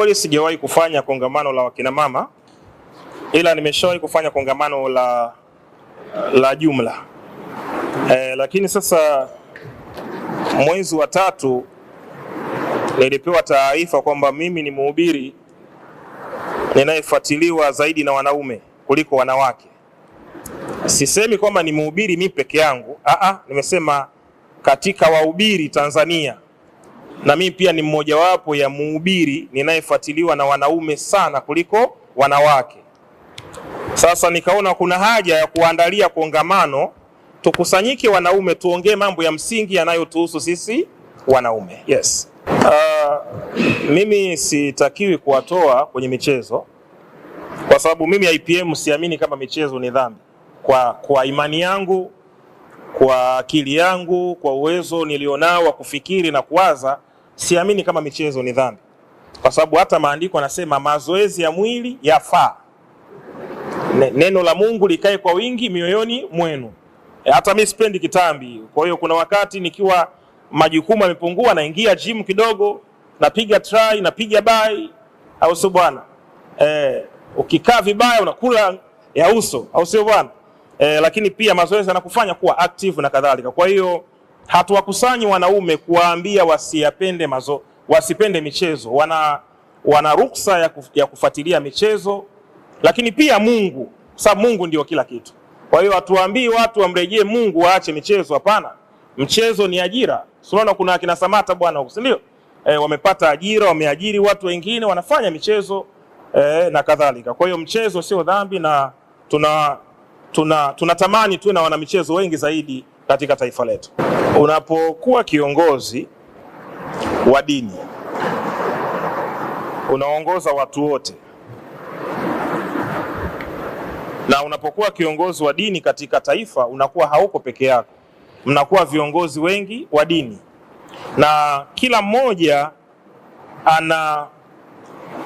kweli sijawahi kufanya kongamano la wakinamama, ila nimeshawahi kufanya kongamano la, la jumla e, lakini sasa mwezi wa tatu nilipewa taarifa kwamba mimi ni mhubiri ninayefuatiliwa zaidi na wanaume kuliko wanawake. Sisemi kwamba ni mhubiri mimi peke yangu, aa, nimesema katika wahubiri Tanzania na mimi pia ni mmojawapo ya mhubiri ninayefuatiliwa na wanaume sana kuliko wanawake. Sasa nikaona kuna haja ya kuandalia kongamano, tukusanyike wanaume, tuongee mambo ya msingi yanayotuhusu sisi wanaume. Yes. Uh, mimi sitakiwi kuwatoa kwenye michezo kwa sababu mimi IPM siamini kama michezo ni dhambi. Kwa, kwa imani yangu, kwa akili yangu, kwa uwezo nilionao wa kufikiri na kuwaza, Siamini kama michezo ni dhambi, kwa sababu hata maandiko anasema mazoezi ya mwili yafaa, neno la Mungu likae kwa wingi mioyoni mwenu. E, hata mimi sipendi kitambi. Kwa hiyo kuna wakati nikiwa majukumu yamepungua, naingia gym kidogo, napiga try, napiga bai, au sio bwana? E, ukikaa vibaya unakula ya uso, au sio bwana? E, lakini pia mazoezi yanakufanya kuwa active na kadhalika. Kwa hiyo Hatuwakusanyi wanaume kuwaambia wasiyapende mazo, wasipende michezo. Wana, wana ruksa ya, kuf, ya kufuatilia michezo, lakini pia Mungu, sababu Mungu ndio kila kitu. Kwa hiyo hatuwaambii watu wamrejee Mungu waache michezo, hapana. Mchezo ni ajira. Unaona kuna akina Samata bwana huko, si ndio? E, wamepata ajira, wameajiri watu wengine, wanafanya michezo e, na kadhalika. Kwa hiyo mchezo sio dhambi na tuna tunatamani tuna tuwe na wanamichezo wengi zaidi katika taifa letu. Unapokuwa kiongozi wa dini, unaongoza watu wote, na unapokuwa kiongozi wa dini katika taifa unakuwa hauko peke yako, mnakuwa viongozi wengi wa dini, na kila mmoja ana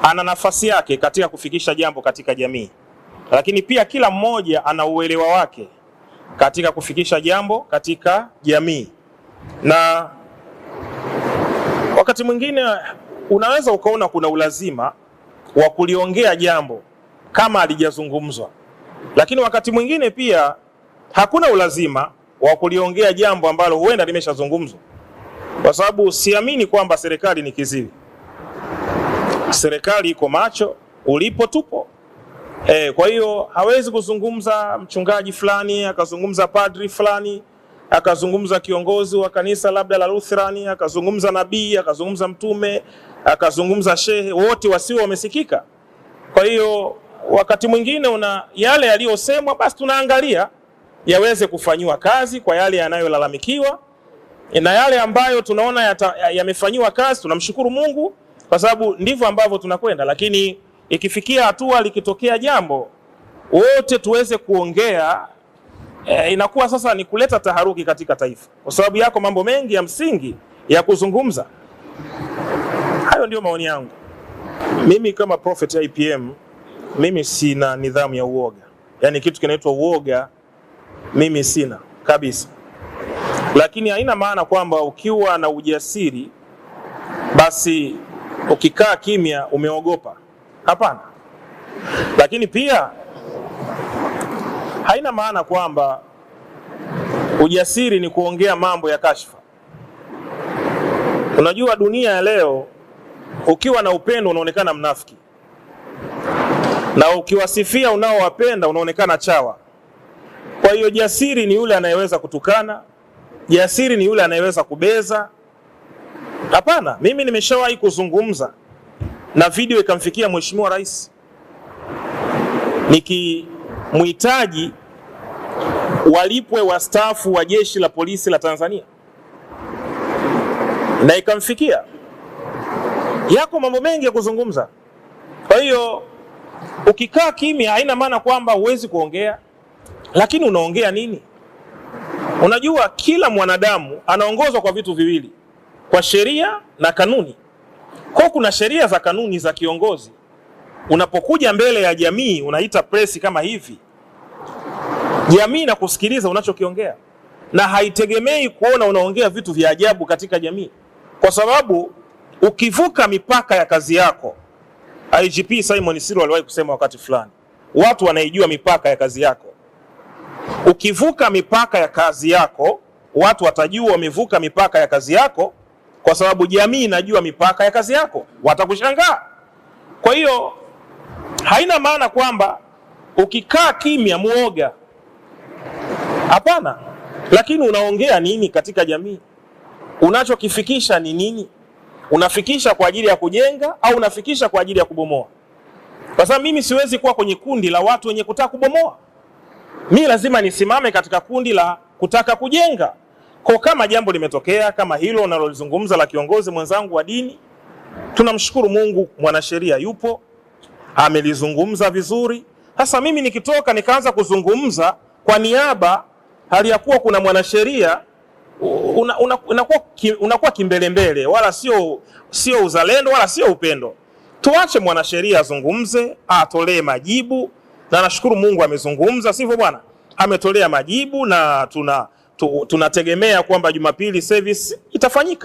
ana nafasi yake katika kufikisha jambo katika jamii, lakini pia kila mmoja ana uelewa wake katika kufikisha jambo katika jamii. Na wakati mwingine unaweza ukaona kuna ulazima wa kuliongea jambo kama halijazungumzwa, lakini wakati mwingine pia hakuna ulazima wa kuliongea jambo ambalo huenda limeshazungumzwa, kwa sababu siamini kwamba serikali ni kiziwi. Serikali iko macho, ulipo tupo E, kwa hiyo hawezi kuzungumza mchungaji fulani akazungumza padri fulani akazungumza kiongozi wa kanisa labda la Lutherani akazungumza nabii akazungumza mtume akazungumza shehe, wote wasio wamesikika. Kwa hiyo wakati mwingine una yale yaliyosemwa, basi tunaangalia yaweze kufanyiwa kazi kwa yale yanayolalamikiwa, eh, na yale ambayo tunaona yamefanyiwa ya kazi, tunamshukuru Mungu kwa sababu ndivyo ambavyo tunakwenda, lakini ikifikia hatua likitokea jambo wote tuweze kuongea e, inakuwa sasa ni kuleta taharuki katika taifa, kwa sababu yako mambo mengi ya msingi ya kuzungumza. Hayo ndio maoni yangu mimi kama Prophet IPM. Mimi sina nidhamu ya uoga, yaani kitu kinaitwa uoga mimi sina kabisa, lakini haina maana kwamba ukiwa na ujasiri basi ukikaa kimya umeogopa. Hapana. Lakini pia haina maana kwamba ujasiri ni kuongea mambo ya kashfa. Unajua dunia ya leo, ukiwa na upendo unaonekana mnafiki, na ukiwasifia unaowapenda unaonekana chawa. Kwa hiyo jasiri ni yule anayeweza kutukana, jasiri ni yule anayeweza kubeza. Hapana, mimi nimeshawahi kuzungumza na video ikamfikia Mheshimiwa Rais nikimhitaji walipwe wastaafu wa jeshi la polisi la Tanzania, na ikamfikia. Yako mambo mengi ya kuzungumza. Kwa hiyo ukikaa kimya, haina maana kwamba huwezi kuongea, lakini unaongea nini? Unajua, kila mwanadamu anaongozwa kwa vitu viwili, kwa sheria na kanuni. Kwa kuna sheria za kanuni za kiongozi. Unapokuja mbele ya jamii, unaita presi kama hivi, jamii na kusikiliza unachokiongea na haitegemei kuona unaongea vitu vya ajabu katika jamii, kwa sababu ukivuka mipaka ya kazi yako, IGP Simon Sirro aliwahi kusema wakati fulani, watu wanaijua mipaka ya kazi yako. Ukivuka mipaka ya kazi yako, watu watajua wamevuka mipaka ya kazi yako kwa sababu jamii inajua mipaka ya kazi yako, watakushangaa. Kwa hiyo haina maana kwamba ukikaa kimya muoga, hapana. Lakini unaongea nini katika jamii? Unachokifikisha ni nini? Unafikisha kwa ajili ya kujenga au unafikisha kwa ajili ya kubomoa? Kwa sababu mimi siwezi kuwa kwenye kundi la watu wenye kutaka kubomoa, Mimi lazima nisimame katika kundi la kutaka kujenga. Kwa kama jambo limetokea kama hilo unalolizungumza la kiongozi mwenzangu wa dini, tunamshukuru Mungu, mwanasheria yupo amelizungumza vizuri. Sasa mimi nikitoka nikaanza kuzungumza kwa niaba, hali ya kuwa kuna mwanasheria unakuwa una, una unakuwa kimbelembele, wala sio sio uzalendo wala sio upendo. Tuache mwanasheria azungumze, atolee majibu, na nashukuru Mungu amezungumza, sivyo bwana? Ametolea majibu na tuna tunategemea kwamba Jumapili service itafanyika.